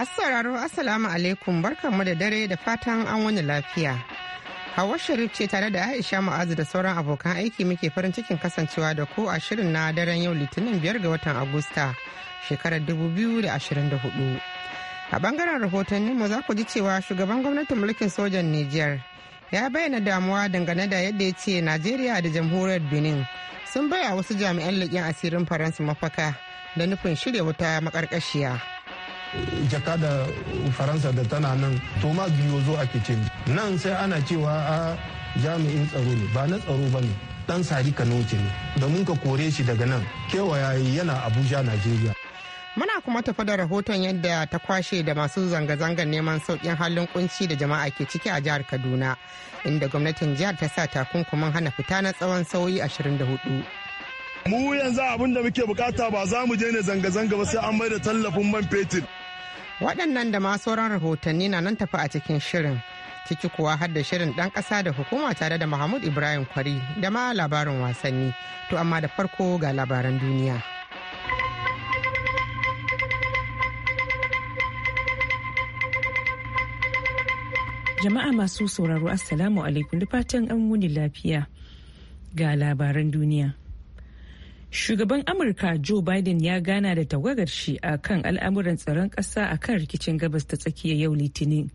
Masu sauraro Assalamu alaikum mu da dare da fatan an wani lafiya. Hawa Sharif ce tare da Aisha Ma'azu da sauran abokan aiki muke farin cikin kasancewa da ko a shirin na daren yau Litinin biyar ga watan Agusta shekarar 2024. A bangaren rahoton mu za ku ji cewa shugaban gwamnatin mulkin sojan Nijar ya bayyana damuwa dangane da yadda ya ce Najeriya da jamhuriyar Benin sun baya wasu jami'an leƙen asirin Faransa mafaka da nufin shirya wuta makarkashiya. jakada faransa da tana nan toma zo ake ce nan sai ana cewa a jami'in tsaro ne ba na tsaro ba ne dan sari kanoce ne da mun ka kore shi daga nan kewaya yana abuja najeriya Muna kuma tafi da rahoton yadda ta kwashe da masu zanga-zangar neman sauƙin halin kunci da jama'a ke ciki a jihar Kaduna, inda gwamnatin jihar ta sa takunkumin hana fita na tsawon sauyi 24. Mu yanzu abin da muke bukata ba za mu je ne zanga-zanga ba sai an mai da tallafin man fetur. waɗannan da ma sauran rahotanni na nan tafi a cikin shirin ciki kuwa har da shirin ɗan ƙasa da hukuma tare da mahmud ibrahim kwari da ma labarin wasanni to amma da farko ga labaran duniya jama'a masu sauraro assalamu alaikum da fatan an wuni lafiya ga labaran duniya Shugaban Amurka Joe Biden ya gana da tawagar shi a kan al'amuran tsaron ƙasa a kan rikicin gabas ta tsakiya yau Litinin.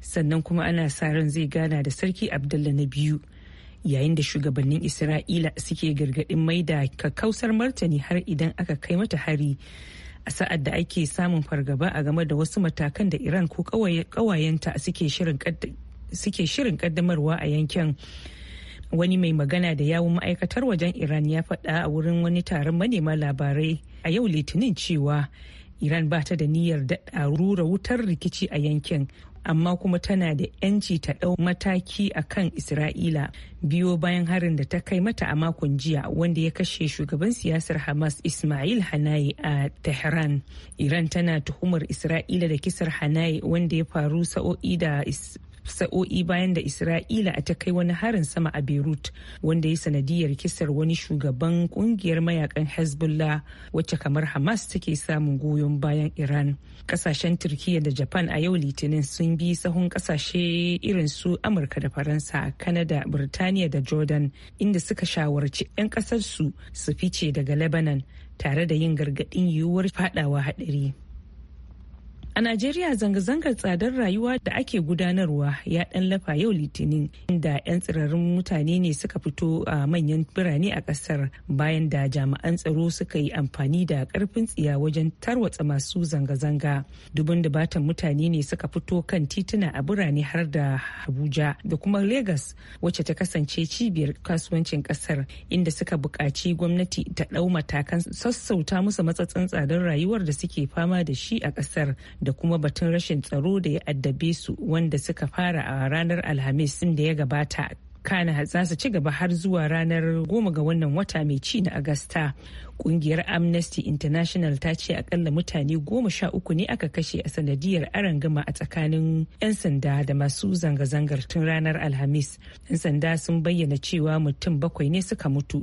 Sannan kuma ana sa ran zai gana da Sarki Abdullah na biyu. Yayin da shugabannin Isra'ila suke gargaɗin maida kakkausar martani har idan aka kai mata hari. A sa'ad da ake samun fargaba a game da wasu matakan da Iran ko ƙawayenta suke shirin ƙaddamarwa a yankin. wani mai magana da yawun ma'aikatar wajen iran ya faɗa a wurin wani taron manema labarai a yau litinin cewa iran ba ta da niyyar daɗa rura wutar rikici a yankin amma kuma tana da 'yanci ta ɗau mataki a kan isra'ila biyo bayan harin da ta kai mata a makon jiya wanda ya kashe shugaban siyasar hamas ismail hanayi a tehran iran tana tuhumar isra'ila da kisar hanayi wanda ya faru sa'o'i da sa'o'i bayan da isra'ila a ta kai wani harin sama a beirut wanda ya sanadiyar kisar wani shugaban kungiyar mayakan hezbollah wacce kamar hamas take samun goyon bayan iran kasashen turkiya da japan a yau litinin sun bi sahun kasashe irin su amurka da faransa kanada birtaniya da jordan inda suka shawarci 'yan kasarsu su fice daga lebanon tare da yin gargaɗin yiwuwar fadawa haɗari A Najeriya zanga-zangar tsadar rayuwa da ake gudanarwa ya ɗan lafa yau litinin inda 'yan tsirarin mutane ne suka fito a manyan birane a ƙasar bayan da jami'an tsaro suka yi amfani da ƙarfin tsiya wajen tarwatsa masu zanga-zanga. Dubin da batan mutane ne suka fito kan tituna a birane har da Abuja da kuma Legas wacce ta kasance cibiyar kasuwancin ƙasar inda suka buƙaci gwamnati ta ɗau matakan sassauta musu matsatsin tsadar rayuwar da suke fama da shi a ƙasar da kuma batun rashin tsaro da ya addabe su wanda suka fara a ranar alhamis din da ya gabata kana za su ci gaba har zuwa ranar goma ga wannan wata mai ci na agasta kungiyar amnesty international ta ce akalla mutane goma sha uku ne aka kashe a sanadiyar arangama a tsakanin 'yan sanda da masu zanga-zangar tun ranar alhamis 'yan sanda sun bayyana cewa mutum bakwai ne suka mutu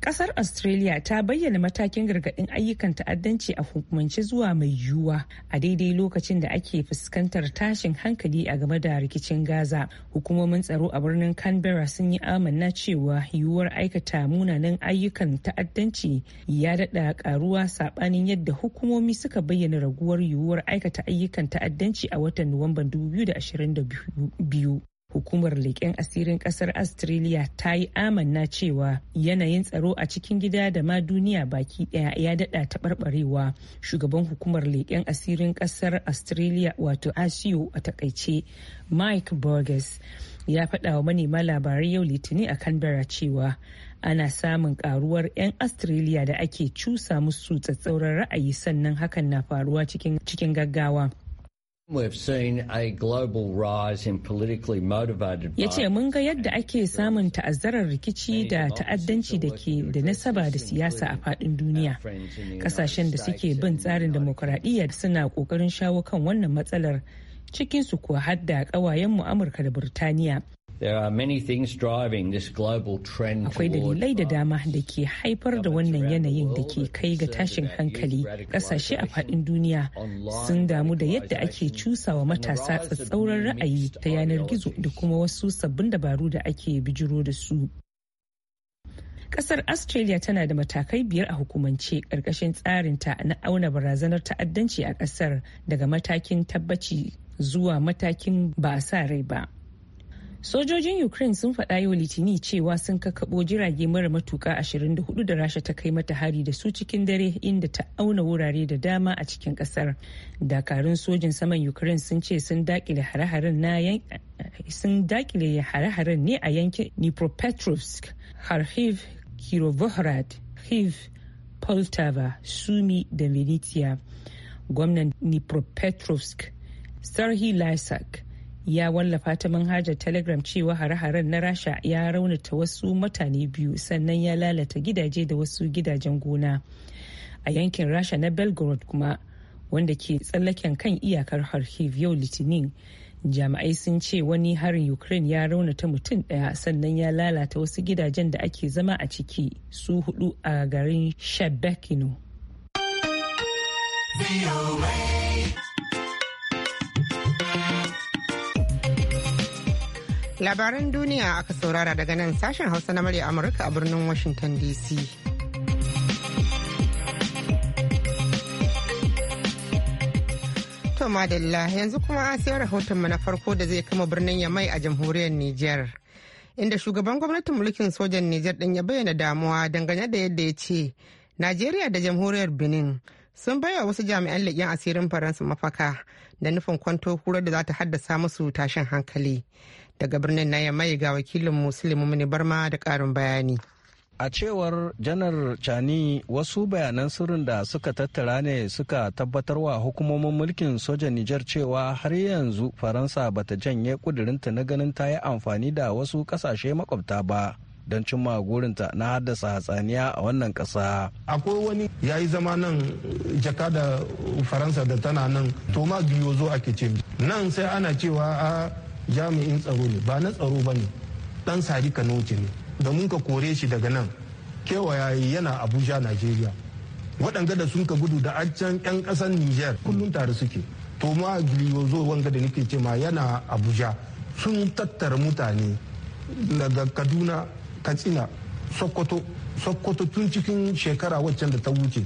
Kasar Australia ta bayyana matakin gargadin ayyukan ta'addanci a hukumance zuwa mai yiwuwa a daidai lokacin da ake fuskantar tashin hankali a game da rikicin Gaza. Hukumomin tsaro a birnin Canberra sun yi amanna cewa yiwuwar aikata munanan ayyukan ta'addanci ya daɗa ƙaruwa saɓanin yadda hukumomi suka bayyana raguwar yiwuwar aikata ayyukan ta'addanci a watan Nuwamban 2022. hukumar leƙen asirin ƙasar australia ta yi amanna cewa yanayin tsaro a cikin gida da ma duniya baki ɗaya ya daɗa taɓarɓarewa shugaban hukumar leƙen asirin ƙasar australia wato asio a taƙaice mike burgess ya faɗa wa manema labarai yau litinin a canberra cewa ana samun karuwar 'yan australia da ake cusa musu tsatsauran ra'ayi sannan hakan na faruwa cikin gaggawa yace mun ga yadda ake samun ta'azzarar rikici da ta'addanci da ke da nasaba da siyasa a fadin duniya. Kasashen da suke bin tsarin demokuraɗiyya suna ƙoƙarin shawo kan wannan matsalar cikinsu kuwa hadda ƙawayenmu Amurka da Burtaniya. Akwai dalilai da dama da ke haifar da wannan yanayin da ke kai ga tashin hankali. Ƙasashe a faɗin duniya sun damu da yadda ake wa matasa tsatsauran ra'ayi ta yanar gizo da kuma wasu sabbin dabaru da ake bijiro da su. Kasar Australia tana da matakai biyar a hukumance ƙarƙashin tsarinta na auna barazanar ta'addanci a ƙasar daga matakin tabbaci zuwa matakin ba sa rai ba. Sojojin Ukraine sun faɗa yau Litini cewa sun kakabo jirage mara matuka 24 da Rasha ta kai mata hari da su cikin dare inda ta auna wurare da dama a cikin ƙasar. Dakarun sojin saman Ukraine sun ce sun dakile hare-haren ne a yankin Dnipropetrovsk, Kharkiv, Kirovohrad, Kyiv, Poltava, Sumi da Venetia. Gwamnan Dnipropetrovsk, Sarhi Lysak, ya wallafa ta manhajar telegram cewa hare-haren na rasha ya raunata wasu mutane biyu sannan ya lalata gidaje da wasu gidajen gona a yankin rasha na belgorod kuma wanda ke tsallaken kan iyakar kharkiv yau litinin jami'ai sun ce wani harin ukraine ya raunata mutum daya sannan ya lalata wasu gidajen da ake zama a ciki su hudu a garin shebekino Labaran duniya aka saurara daga nan sashen Hausa na murya Amurka a birnin Washington DC. To madalla yanzu kuma sai rahotonmu na farko da zai kama birnin Yamai a jamhuriyar Nijar. Inda shugaban gwamnatin mulkin sojan Nijar din ya bayyana damuwa dangane da yadda ya ce Najeriya da jamhuriyar Benin sun baiwa wasu jami'an leƙen asirin Faransa mafaka da nufin kwanto kurar da za ta haddasa musu tashin hankali. daga birnin na yamai ga wakilin muslim mini barma da karin bayani a cewar janar chani wasu bayanan sirrin da suka tattara ne suka tabbatar wa hukumomin mulkin sojan nijar cewa har yanzu faransa bata janye kudurinta na ganin ta yi amfani da wasu kasashe makwabta ba don cimma gurinta na haddasa hatsaniya a wannan kasa. akwai wani ya yi zama nan jaka da faransa da tana nan to ma zo ake ce nan sai ana cewa a ah, jami'in tsaro ne ba na tsaro ba ne ɗan sari kanoce ne da mun ka kore shi daga nan kewaya yana abuja nigeria waɗanda da sun ka gudu da accan 'yan ƙasar niger kullum tare suke to ma zo wanga da nake ce ma yana abuja sun tattara mutane daga kaduna katsina sokoto sokoto tun cikin shekara waccan da ta wuce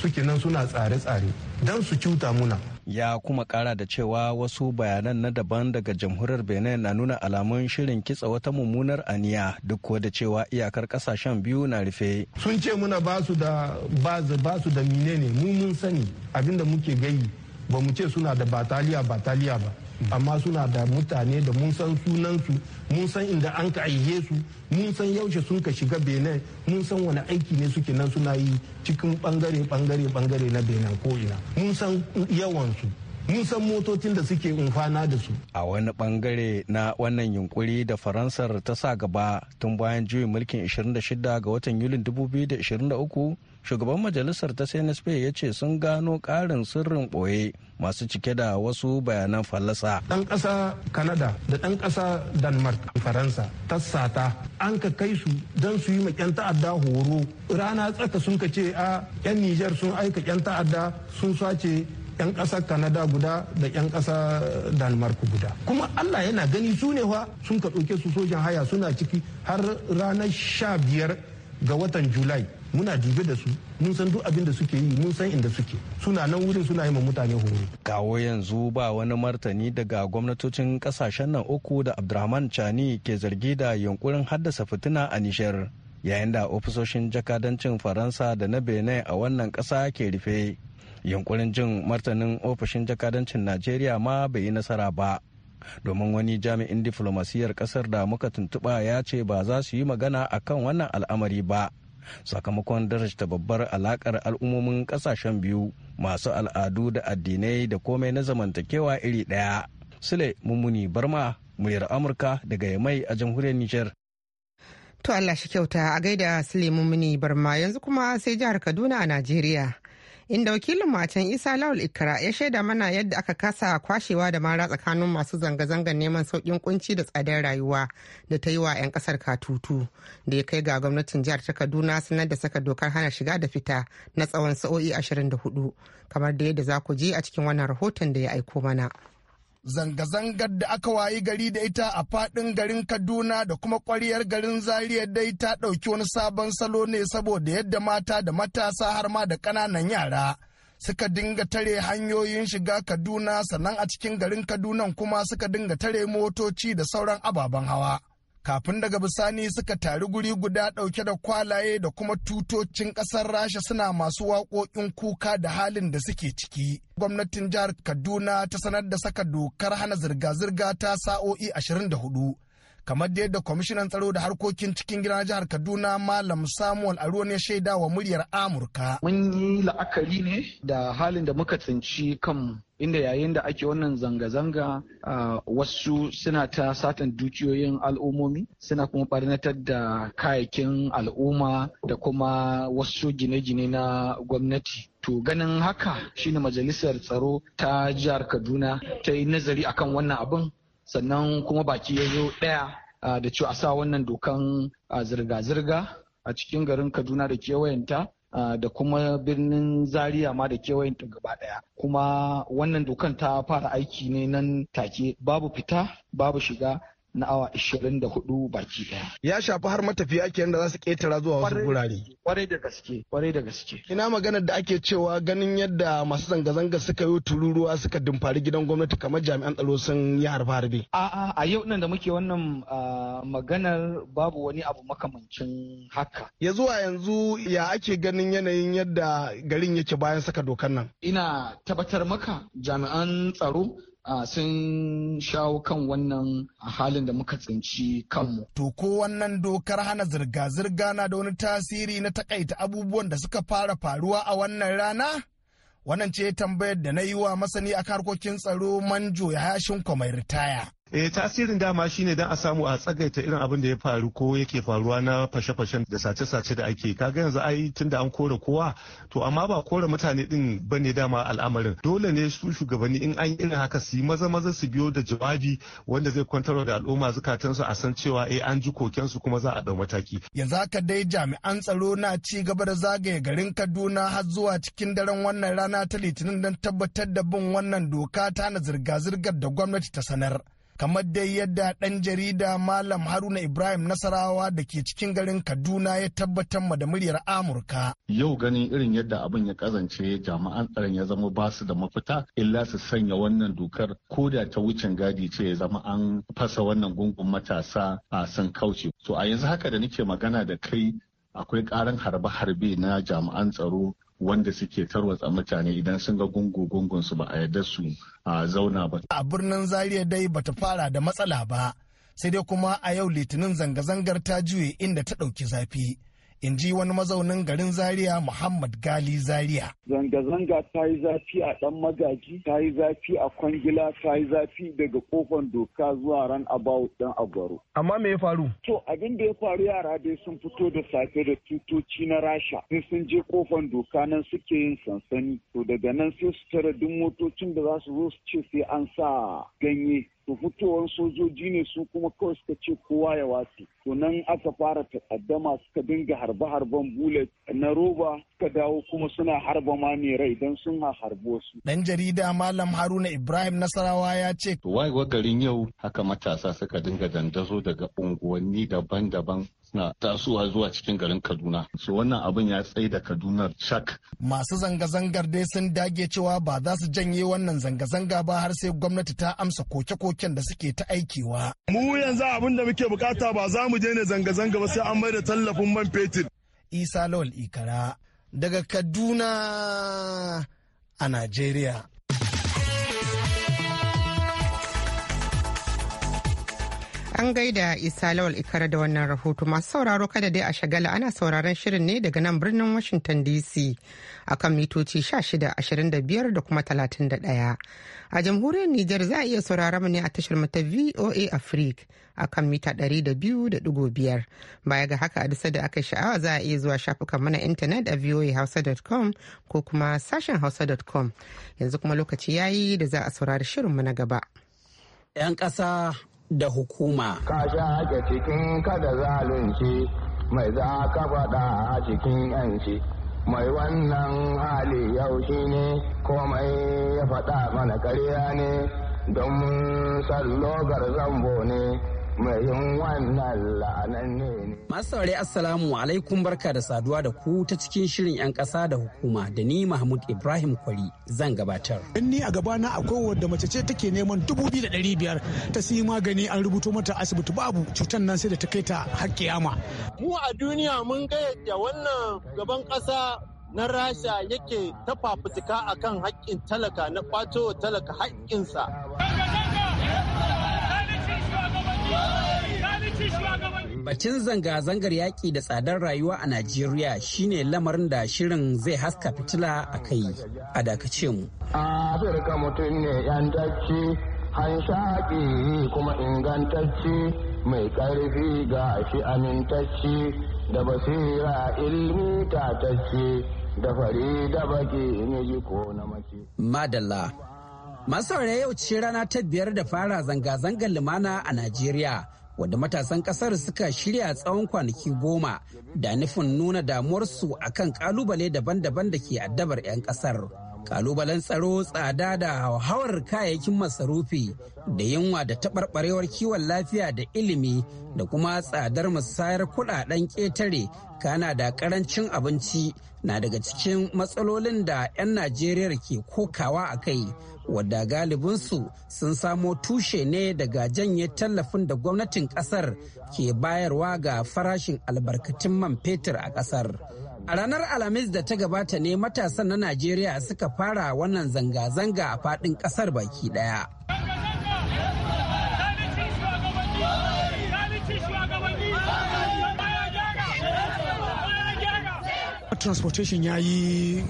suke nan suna tsare-tsare don su cuta muna ya kuma kara da cewa wasu bayanan na daban daga jamhuriyar benin na nuna alamun shirin kitsa wata mummunar aniya duk kuwa da cewa iyakar kasashen biyu na rufe sun ce muna basu da basu da mine ne mun mun sani abinda muke gayi ba mu ce suna da bataliya bataliya ba amma suna da mutane da mun san sunansu mun san inda an ka aihe su mun san yaushe sun ka shiga benin mun san wani aiki ne suke nan suna yi cikin bangare bangare bangare na benin ko ina mun san yawansu mun san motocin da suke umfana da su. A wani bangare na wannan yunkuri da Faransar ta sa gaba tun bayan juyin mulkin 26 ga watan Yulin 2023 shugaban majalisar ta cnsp ya ce sun gano ƙarin sirrin ɓoye masu cike da wasu bayanan fallasa. ɗan ƙasa kanada da ɗan ƙasa denmark faransa sata. an ka kai su don su yi ma 'yan ta'adda horo rana tsaka sun ka ce a 'yan nijar sun aika 'yan ta'adda sun sace 'yan ƙasar kanada guda da 'yan ƙasa Danmark guda. Kuma Allah yana gani su ne fa sun ka ɗauke su sojan haya suna ciki har ranar sha biyar ga watan Julai muna dibe da su mun san duk abin da suke yi mun san inda suke suna nan wurin suna yi ma mutane horo kawo yanzu ba wani martani daga gwamnatocin kasashen nan uku da abdurrahman chani ke zargi da yunkurin haddasa fitina a nishar yayin da ofisoshin jakadancin faransa da na benin a wannan kasa ke rufe yunkurin jin martanin ofishin jakadancin najeriya ma bai yi nasara ba domin wani jami'in diflomasiyyar kasar da muka tuntuba ya ce ba za su yi magana akan wannan al'amari ba sakamakon darajta babbar alakar al'ummomin kasashen biyu masu al'adu da addinai da komai na zamantakewa iri ɗaya. Sule Mummuni Barma, muryar Amurka daga Yamai a jamhuriyar Nijar. To Allah shi kyauta a gaida Sule Mummuni Barma yanzu kuma sai jihar Kaduna a Najeriya. inda wakilin matan isa lawal ikra ya shaida mana yadda aka kasa kwashewa da mara tsakanin masu zanga-zangar neman sauƙin kunci da tsadar rayuwa da ta yi wa 'yan ƙasar katutu da ya kai ga gwamnatin jihar ta kaduna sanar da saka dokar hana shiga da fita na tsawon sa'o'i 24 kamar da yadda za ku ji a cikin wannan rahoton da ya aiko mana. zanga-zangar da aka wayi gari da ita a faɗin garin kaduna da kuma ƙwariyar garin zariya dai ta ɗauki wani sabon salo ne saboda yadda mata da matasa har ma da ƙananan yara suka dinga tare hanyoyin shiga kaduna sannan a cikin garin kaduna kuma suka dinga tare motoci da sauran ababen hawa kafin daga bisani suka tari guri guda ɗauke da kwalaye da kuma tutocin ƙasar rasha suna masu waƙoƙin kuka da halin da suke ciki gwamnatin jihar kaduna ta sanar da saka dokar hana zirga-zirga ta sa'o'i 24 kamar da yadda kwamishinan tsaro da harkokin cikin gida jihar kaduna malam samuel aruwan ya shaida wa muryar amurka mun yi la'akari ne da halin da muka tsinci kan inda yayin da ake wannan zanga-zanga wasu suna ta satan dukiyoyin al'ummomi suna kuma barnatar da kayakin al'umma da kuma wasu gine-gine na gwamnati To ganin haka shine majalisar tsaro ta jihar Kaduna ta yi nazari akan wannan abin sannan kuma baki ya zo ɗaya da cewa a sa wannan dokan zirga-zirga a cikin garin kaduna da kewayenta da kuma birnin zaria ma da kewayenta gaba ɗaya kuma wannan dokan ta fara aiki ne nan take babu fita babu shiga na awa 24 baki daya. Ya shafi har matafiya kenan da za su ketara zuwa wasu gurare. Kwarai da gaske, kwarai da gaske. Ina maganar da ake cewa ganin yadda masu zanga-zanga suka yi tururuwa suka dumfari gidan gwamnati kamar jami'an tsaro sun yi harbe-harbe. A'a, a yau nan da muke wannan maganar babu wani abu makamancin haka. Ya zuwa yanzu ya ake ganin yanayin yadda garin yake bayan saka dokar nan. Ina tabbatar maka jami'an tsaro sun shawo kan wannan halin da muka tsinci kanmu. To ko wannan dokar hana zirga-zirga na da wani tasiri na takaita abubuwan da suka fara faruwa a wannan rana? Wannan ce tambayar da na yi wa masani a harkokin tsaro manjo ya hashin mai ritaya. Eh tasirin dama shine dan a samu a tsagaita irin abin da ya faru ko yake faruwa na fashe-fashen da sace-sace da ake kaga yanzu ai tunda an kore kowa to amma ba kore mutane din bane dama al'amarin dole ne su shugabanni in an irin haka su maza-maza su biyo da jawabi wanda zai kwantar da al'umma su a san cewa eh an ji su kuma za a dau mataki. Yanzu haka dai jami'an tsaro na ci gaba da zagaye garin Kaduna har zuwa cikin daren wannan rana ta Litinin don tabbatar da bin wannan doka ta na zirga-zirgar da gwamnati ta sanar. kamar dai yadda ɗan jarida Malam Haruna Ibrahim Nasarawa da ke cikin garin Kaduna ya tabbatar ma da muryar Amurka. Yau ganin irin yadda abin ya kazance jama'an tsaron ya zama ba su da mafita illa su sanya wannan dokar ko da ta wucin gadi ce ya zama an fasa wannan gungun matasa a san kauce. To a yanzu haka da nake magana da kai akwai karin harbe-harbe na jami'an tsaro wanda suke tarwatsa mutane idan sun ga gungu-gungun su ba a yarda su a zauna ba. A birnin Zaria dai bata fara da matsala ba, sai dai kuma a yau litinin zanga-zangar ta juye inda ta ɗauki zafi. in ji wani mazaunin garin zaria muhammad gali zaria zanga-zanga ta yi zafi a dan magaji ta yi zafi a kwangila ta yi zafi daga kofan doka zuwa ran abawu dan agwaro amma me ya faru to abin da ya faru yara dai sun fito da safe da tutoci na rasha sai sun je kofan doka nan suke yin sansani to daga nan sai su tara duk motocin da za su zo su ce sai an sa ganye to fitowar sojoji ne su kuma kawai suka ce kowa ya wasi to nan aka fara takaddama suka dinga harbe-harben bullet na roba suka dawo kuma suna harba ma ne rai don sun harbo su dan jarida malam haruna ibrahim nasarawa ya ce wai garin yau haka matasa suka dinga dandazo daga unguwanni daban-daban na tasowa zuwa cikin garin Kaduna. So wannan abin ya tsaye da Kaduna shak. Masu zanga-zangar dai sun dage cewa ba za su janye wannan zanga-zanga ba har sai gwamnati ta amsa koke-koken da suke ta aikewa. Mu yanzu abin da muke bukata ba za mu daina zanga-zanga ba sai an mai da tallafin man fetur. Isa Lawal Ikara daga Kaduna a Najeriya. An gaida Isa Lawal Ikara da wannan rahoto masu sauraro kada dai a shagala ana sauraron shirin ne daga nan birnin Washington DC akan mitoci 1625 da kuma 31. A jamhuriyar Nijar za a iya sauraron mu ne a tashar mu ta VOA a akan mita 200.5. Baya ga haka a disa da aka sha'awa za a iya zuwa shafukan mana intanet a voahausa.com ko kuma sashen hausa.com. Yanzu kuma lokaci yayi da za a saurari shirin mu na gaba. 'Yan ƙasa da hukuma. Ka shaƙe cikin kada zalunci mai za ka faɗa a cikin yanci. Mai wannan hali yau shi ne komai ya faɗa mana karya ne don logar zambo ne. Masu saurari Assalamu alaikum barka da saduwa da ku ta cikin shirin 'yan ƙasa da hukuma da ni Mahmud Ibrahim Kwari zan gabatar. In ni a gabana akwai wadda mace ce take neman dubu biyu da ɗari biyar ta siyi magani an rubuto mata asibiti babu cutar nan sai da ta kai ta har Mu a duniya mun ga yadda wannan gaban ƙasa na rasha yake ta fafutuka akan haƙƙin talaka na ƙwato talaka haƙƙinsa Batun zanga-zangar yaƙi da tsadar rayuwa a Najeriya shine lamarin da shirin zai haska fitila a kai a dakace mu. Afirka mutum ne yantacci, hanshaƙi kuma ingantacci, mai ƙarfi ga shi amintacci, da basira ilmi tatacci, da fari da baki ne ko na mace. Madalla. Masu yau ce rana ta biyar da fara zanga-zangar lumana a Najeriya. wanda matasan kasar suka shirya tsawon kwanaki goma da nufin nuna damuwarsu akan kalubale daban-daban da ke addabar 'yan kasar. kalubalen tsaro tsada da hauhawar kayayyakin masarufi da yunwa da taɓarɓarewar kiwon lafiya da ilimi da kuma tsadar musayar kuɗaɗen ƙetare kana da ƙarancin abinci na daga cikin matsalolin da 'yan najeriya ke kokawa a kai wadda galibinsu sun samo tushe ne daga janye tallafin da gwamnatin ƙasar ke bayarwa ga farashin albarkatun man fetur a ƙasar. A ranar Alhamis da ta gabata ne matasan na Najeriya suka fara wannan zanga-zanga a faɗin ƙasar baki ɗaya. transportation ya yi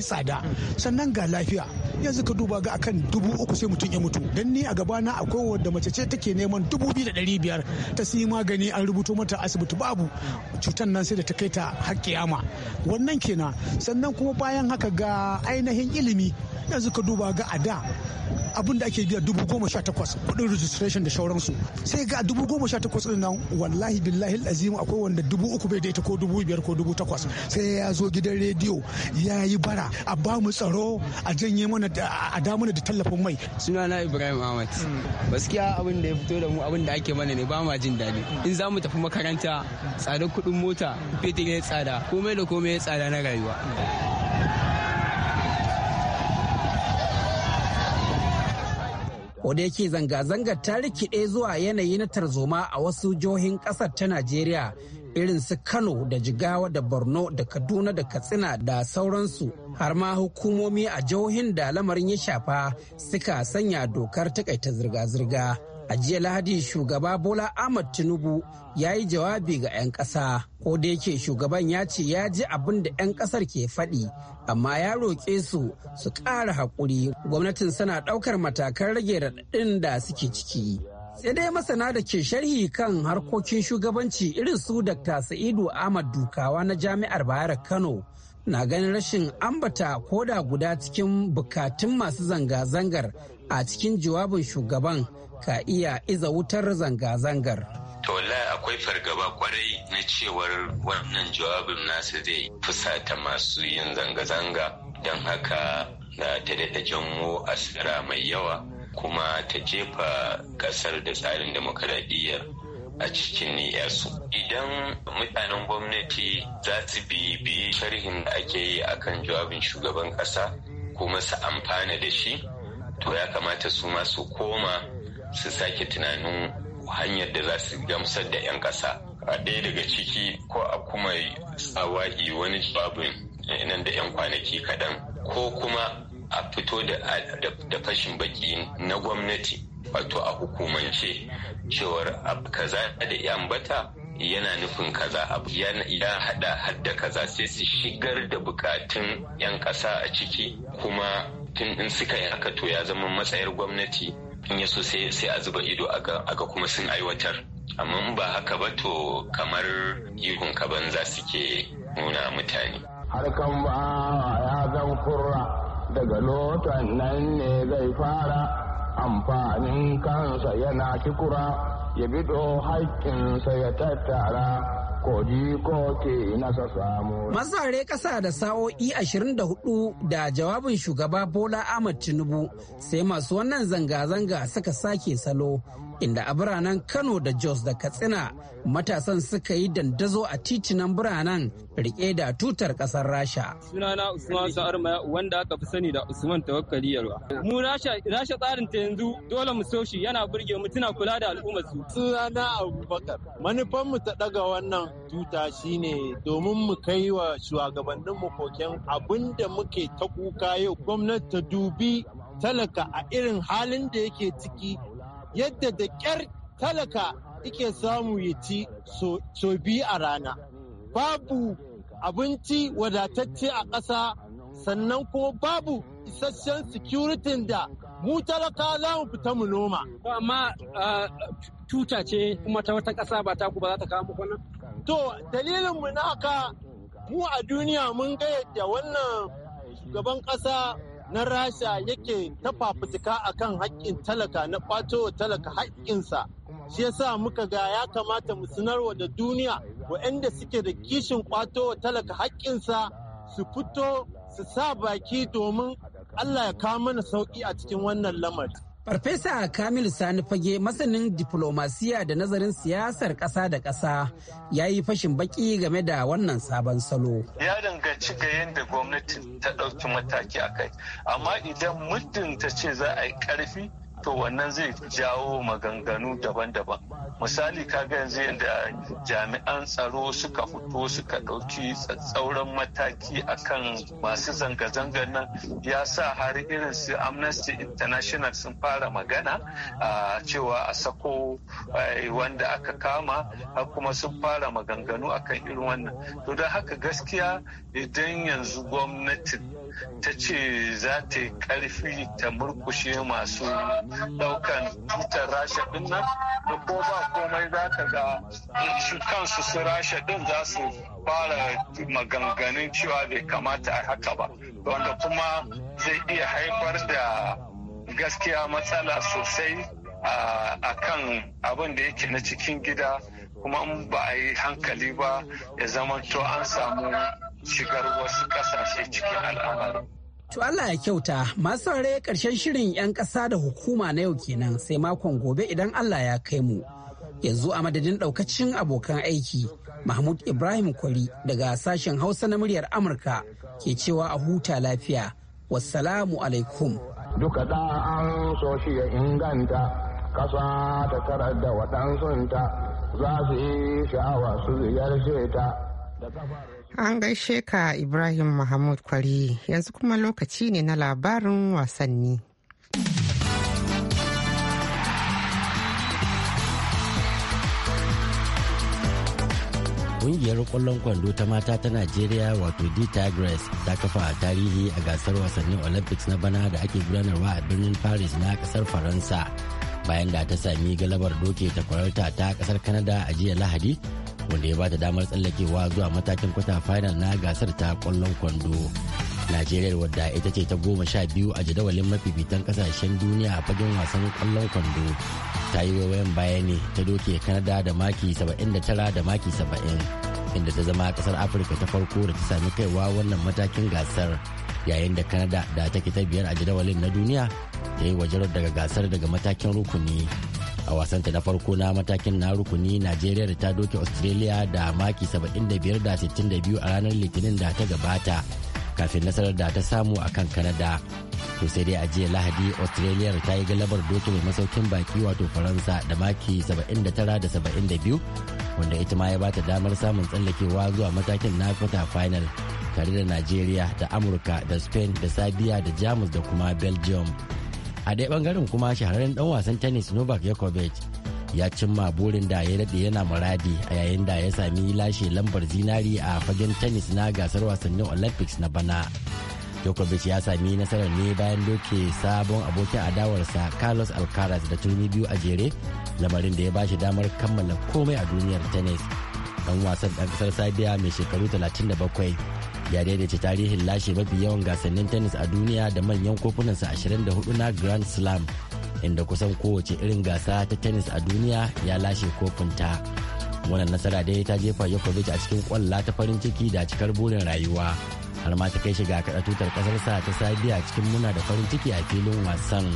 tsada sannan ga lafiya yanzu ka duba ga akan dubu uku sai mutum ya mutu dan ni a gabana akwai wadda mace ce take neman dubu biyu da ɗari biyar ta siyi magani an rubuto mata asibiti babu cutar nan sai da ta kai ta har kiyama wannan kenan sannan kuma bayan haka ga ainihin ilimi yanzu ka duba ga a da abin da ake biya dubu goma sha takwas kudin registration da shauransu sai ga dubu goma sha takwas ɗin nan wallahi billahi azimu akwai wanda dubu uku bai da ita ko dubu biyar ko dubu takwas sai ya zo gidan rediyo ya yi bara a ba mu tsaro a janye mana a damuna da tallafin mai sunana ibrahim ahmad gaskiya abin da ya fito da mu abin da ake mana ne ba ma jin daɗi in za mu tafi makaranta tsadar kuɗin mota fetur ya tsada komai da komai ya tsada na rayuwa wadda yake zanga-zangar ta rikide zuwa yanayi na tarzoma a wasu jihohin kasar ta Najeriya irin su Kano da Jigawa da Borno da Kaduna da Katsina da sauransu har ma hukumomi a jihohin da lamarin ya shafa suka sanya dokar takaita zirga-zirga. A jiya Lahadi shugaba Bola Ahmad Tinubu ya yi jawabi ga 'yan ƙasa. Ko da yake shugaban ya ce ya ji abin da 'yan ƙasar ke faɗi, amma ya roƙe su su ƙara haƙuri. Gwamnatin suna ɗaukar matakan rage raɗaɗin da suke ciki. Sai dai masana da ke sharhi kan harkokin shugabanci irin su Dr. Sa'idu Ahmad Dukawa na Jami'ar Bayar Kano na ganin rashin ambata koda guda cikin bukatun masu zanga-zangar a cikin jawabin shugaban ka iya iza wutar zanga-zangar. to akwai fargaba kwarai na cewar wannan jawabin nasu zai fusata masu yin zanga-zanga don haka na ta mu a asara mai yawa kuma ta jefa kasar da tsarin dimokradiyyar a cikin niyyarsu. Idan mutanen gwamnati za su biyi sharhin da ake yi a kan jawabin shugaban ƙasa kuma su amfana da shi, to ya kamata su masu koma su sake tunanin hanyar da za su gamsar da 'yan ƙasa. A ɗaya daga ciki ko a kuma tsawa'i wani jawabin eh, nan da 'yan kwanaki kaɗan ko kuma a fito da fashin baki na gwamnati wato a hukumance cewar abu kaza da 'yan bata yana nufin kaza abu ya hada hadda kaza sai su shigar da bukatun 'yan kasa a ciki kuma tun in suka yi haka to ya zama matsayar gwamnati in ya so sai a zuba ido aga kuma sun aiwatar amma ba haka ba to kamar ihun za suke nuna mutane harkan ba ya kurra daga lotan nan ne zai fara amfanin kansa yana kikura ya bido haƙƙinsa ya tattara Mazare ƙasa da sa'o'i 24 da jawabin shugaba Bola Ahmad Tinubu sai masu wannan zanga-zanga suka sake salo inda a biranen Kano da Jos da Katsina matasan suka yi dandazo a titinan biranen rike da tutar ƙasar Rasha. na Usman Sa'ar wanda aka fi sani da Usman Tawakkali Yarwa. Mu Rasha Rasha tsarin ta yanzu dole mu so shi yana burge mu tana kula da al'ummar su. Sunana Abubakar manufan mu ta daga wannan tuta shine domin mu kai wa shugabannin mu koken abinda muke ta kuka yau gwamnati ta dubi talaka a irin halin da yake ciki yadda da ƙyar talaka ike samu ya ci so biyu a rana babu abinci wadatacce a ƙasa sannan kuma babu isasshen security da mu talaka za mu fita mu noma. amma tuta ce kuma ta wata ƙasa ba ta ku ba za ta kawo muku nan? to dalilinmu na ka mu a duniya mun ga yadda wannan shugaban ƙasa na rasha yake ta fafutuka kan haƙƙin talaka na ƙwato talaka haƙƙinsa shi yasa muka ga ya kamata mu sanarwa da duniya waɗanda suke da kishin ƙwato talaka haƙƙinsa su fito su sa baki domin allah ya kawo mana sauƙi a cikin wannan lamari Farfesa Kamil Sani Fage masanin diplomasiya da nazarin siyasar ƙasa da ƙasa ya yi fashin baki game da wannan sabon salo. Ya danganci ga yadda gwamnati ta ɗauki mataki a kai, amma idan muddin ta ce za a yi ƙarfi to wannan zai jawo maganganu daban-daban misali kaga yanzu yadda jami'an tsaro suka fito suka ɗauki tsauran mataki akan masu zanga-zangar nan ya sa har irin su amnesty international sun fara magana a cewa a sako wanda aka kama har kuma sun fara maganganu akan irin wannan to don haka gaskiya idan yanzu gwamnati. ta ce za ta yi karfi ta murkushe masu daukan cutar rasha din nan da ko ba komai za ka ga su kansu su rasha din za su fara maganganun cewa bai kamata a haka ba wanda kuma zai iya haifar da gaskiya matsala sosai a kan abin da yake na cikin gida kuma in ba a yi hankali ba ya zama to an samu shigar wasu kasashe cikin al'amarin. To Allah ya kyauta, masu rai ƙarshen shirin 'yan ƙasa da hukuma na yau kenan sai makon gobe idan Allah ya kai mu. Yanzu a madadin ɗaukacin abokan aiki, Mahmud Ibrahim Kwari daga sashen Hausa na muryar Amurka ke cewa a huta lafiya. Wassalamu alaikum. Duka da an so shi ya inganta, ƙasa ta tarar da waɗansunta za su yi sha'awa su ziyarce ta. An gaishe ka Ibrahim Mahmud Kwari yanzu kuma lokaci ne na labarin wasanni. Ƙungiyar ƙwallon kwando ta mata ta Najeriya wato D Tigress ta kafa tarihi a gasar wasannin Olympics na bana da ake gudanarwa a birnin Paris na ƙasar Faransa bayan da ta sami galabar doke ta kwararta ta ƙasar Canada a jiya Lahadi wanda ya ba da damar tsallakewa zuwa matakin kwata final na gasar ta kwallon kwando najeriya wadda ita ce ta goma sha biyu a jadawalin mafi mafifitan kasashen duniya a fagen wasan kwallon kwando ta yi wayan baya ne ta doke kanada da maki 79 da maki 70 inda ta zama kasar afirka ta farko da ta sami kaiwa wannan matakin gasar yayin da kanada da take ta biyar a jadawalin na duniya ta yi wajarar daga gasar daga matakin rukuni a wasanta na farko na matakin na rukuni najeriya da ta doke australia da maki 75 da 62 a ranar litinin da ta gabata kafin nasarar da ta samu a kan canada to sai dai a jiya lahadi australia ta yi galabar doke mai masaukin baki wato faransa da maki 79 da 72 wanda ita ma ya ta damar samun tsallakewa zuwa matakin na kwata final tare da najeriya da amurka da spain da sabiya da jamus da kuma belgium a dai bangaren kuma shahararren dan wasan tennis novak yakovic ya cimma burin da ya daɗe yana muradi a yayin da ya sami lashe lambar zinari a fagen tennis na gasar wasannin olympics na bana Djokovic ya sami nasarar ne bayan doke sabon abokin adawarsa Carlos Alcaraz da turmi biyu a jere lamarin da ya bashi damar kammala komai a duniyar tennis. Dan wasan ɗan ƙasar Sabiya mai shekaru 37 ya daidaita tarihin lashe mafi yawan gasannin tennis a duniya da manyan kofunansa 24 na grand slam inda kusan kowace irin gasa ta tennis a duniya ya lashe kofinta wannan nasara dai ta jefa Djokovic a cikin kwalla ta farin ciki da cikar burin rayuwa har ma ta kai shiga kaɗa tutar ƙasarsa ta sabiya cikin muna da farin ciki a filin wasan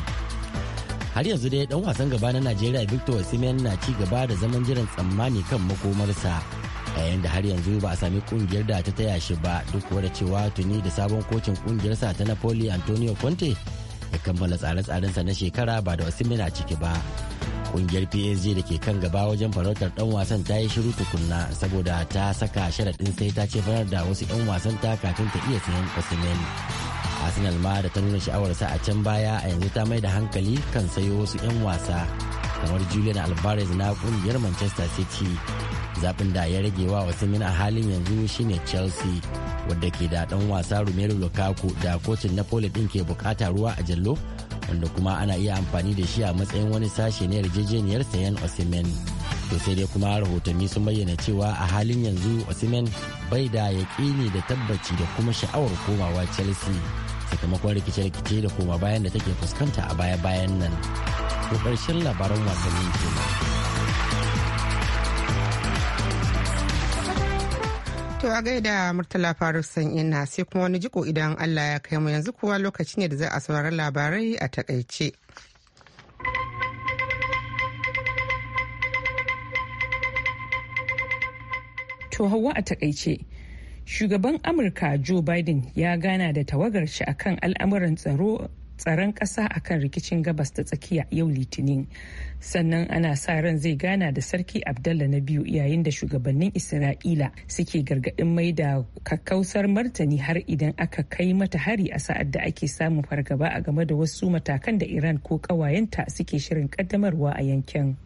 har yanzu dai dan wasan gaba na najeriya victor osimhen na ci gaba da zaman jiran tsammani kan makomarsa yayin da har yanzu ba a sami kungiyar da ta taya shi ba duk wadda cewa tuni da sabon kocin sa ta napoli antonio conte ya kammala tsare-tsarensa na shekara ba da wasu mina ciki ba kungiyar psg da ke kan gaba wajen farautar dan wasan ta yi shiru tukunna saboda ta saka sharaɗin sai ta ce farar da wasu 'yan wasan ta kafin ta iya sayan osimhen arsenal ma da ta nuna sha'awarsa a can baya a yanzu ta mai da hankali kan sayo wasu 'yan wasa kamar julian alvarez na kungiyar manchester city zaɓin da ya rage wa Osimhen a halin yanzu shine Chelsea wadda ke da ɗan wasa Romelu Lukaku da kocin Napoli ɗin ke bukata ruwa a jallo wanda kuma ana iya amfani da shi a matsayin wani sashe na yarjejeniyar sayan Osimhen. To sai dai kuma rahotanni sun bayyana cewa a halin yanzu Osimhen bai da yaƙini da tabbaci da kuma sha'awar komawa Chelsea sakamakon rikice-rikice da koma bayan da take fuskanta a baya-bayan nan. ko karshen labaran wasanni kenan. To a gaida Murtala Faruk ina sai kuma wani jiko idan Allah ya kai mu yanzu kuwa lokaci ne da za a saurari labarai a takaice. To hawa a takaice. Shugaban Amurka Joe Biden ya gana da tawagar shi akan al'amuran tsaro tsaron ƙasa akan rikicin gabas ta tsakiya yau litinin sannan ana sa ran zai gana da sarki abdallah na biyu yayin da shugabannin isra'ila suke gargaɗin mai da kakkausar martani har idan aka kai mata hari a sa'ad da ake samun fargaba a game da wasu matakan da iran ko ƙawayenta suke shirin ƙaddamarwa a yankin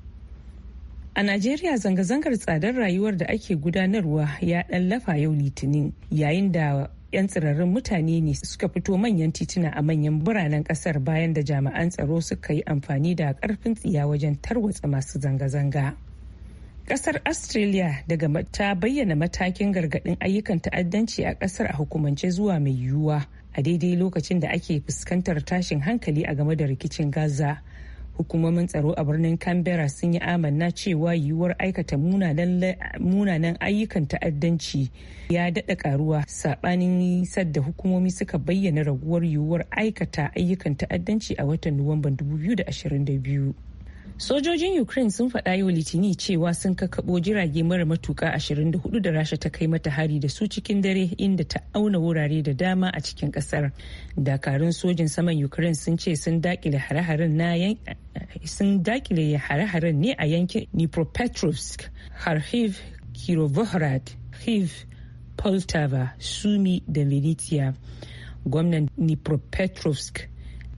A Najeriya zanga-zangar tsadar rayuwar da ake gudanarwa ya ɗan lafa yau litinin yayin da 'yan tsirarin mutane ne suka fito manyan tituna a manyan biranen kasar bayan da jami'an tsaro suka yi amfani da karfin tsiya wajen tarwatsa masu zanga-zanga. Kasar Australia daga ta bayyana matakin gargaɗin ayyukan ta'addanci a kasar a hukumance zuwa mai yiwuwa a daidai lokacin da ake fuskantar tashin hankali a game da rikicin Gaza. hukumomin tsaro a birnin canberra sun yi amanna cewa yiwuwar aikata munanan ayyukan ta'addanci ya daɗa karuwa saɓanin da hukumomi suka bayyana raguwar yiwuwar aikata ayyukan ta'addanci a watan nuwamban 2022 Sojojin Ukraine sun faɗa yau litini cewa sun kakkaɓo jirage mara matuka 24 da Rasha ta kai mata hari da su cikin dare inda ta auna wurare da dama a cikin ƙasar. Dakarun sojin saman Ukraine sun ce sun dakile hare-haren ne a yankin Dnipropetrovsk, Kharkiv, Kirovohrad, Kyiv, Poltava, Sumi da Militia. Gwamnan Dnipropetrovsk,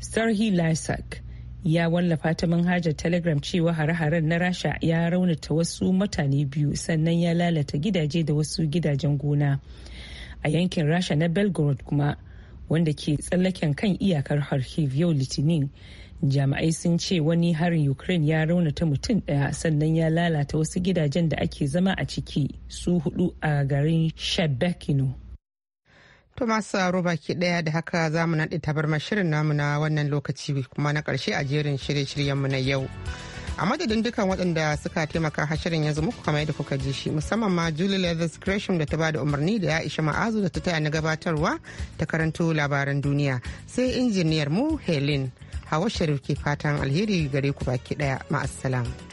Sarhi Lysak, ya wallafa ta manhajar telegram cewa hare-haren na rasha ya raunata wasu mutane biyu sannan ya lalata gidaje da wasu gidajen gona a yankin rasha na belgorod kuma wanda ke tsallaken kan iyakar kharkiv yau litinin jami'ai sun ce wani harin ukraine ya raunata mutum daya sannan ya lalata wasu gidajen da ake zama a ciki su hudu a garin shebekino To masu aro baki daya da haka za mu naɗe tabarmar shirin namu na wannan lokaci kuma na ƙarshe a jerin shirye-shiryenmu na yau. a madadin dukkan waɗanda suka taimaka hashirin yanzu muku kamar yadda kuka ji shi musamman ma julie leathers gresham da ta ba da umarni da ya isha ma'azu da ta taya na gabatarwa ta karanto labaran duniya sai injiniyar mu helen hawa sharif ke fatan alheri gare ku baki ɗaya ma'assalam.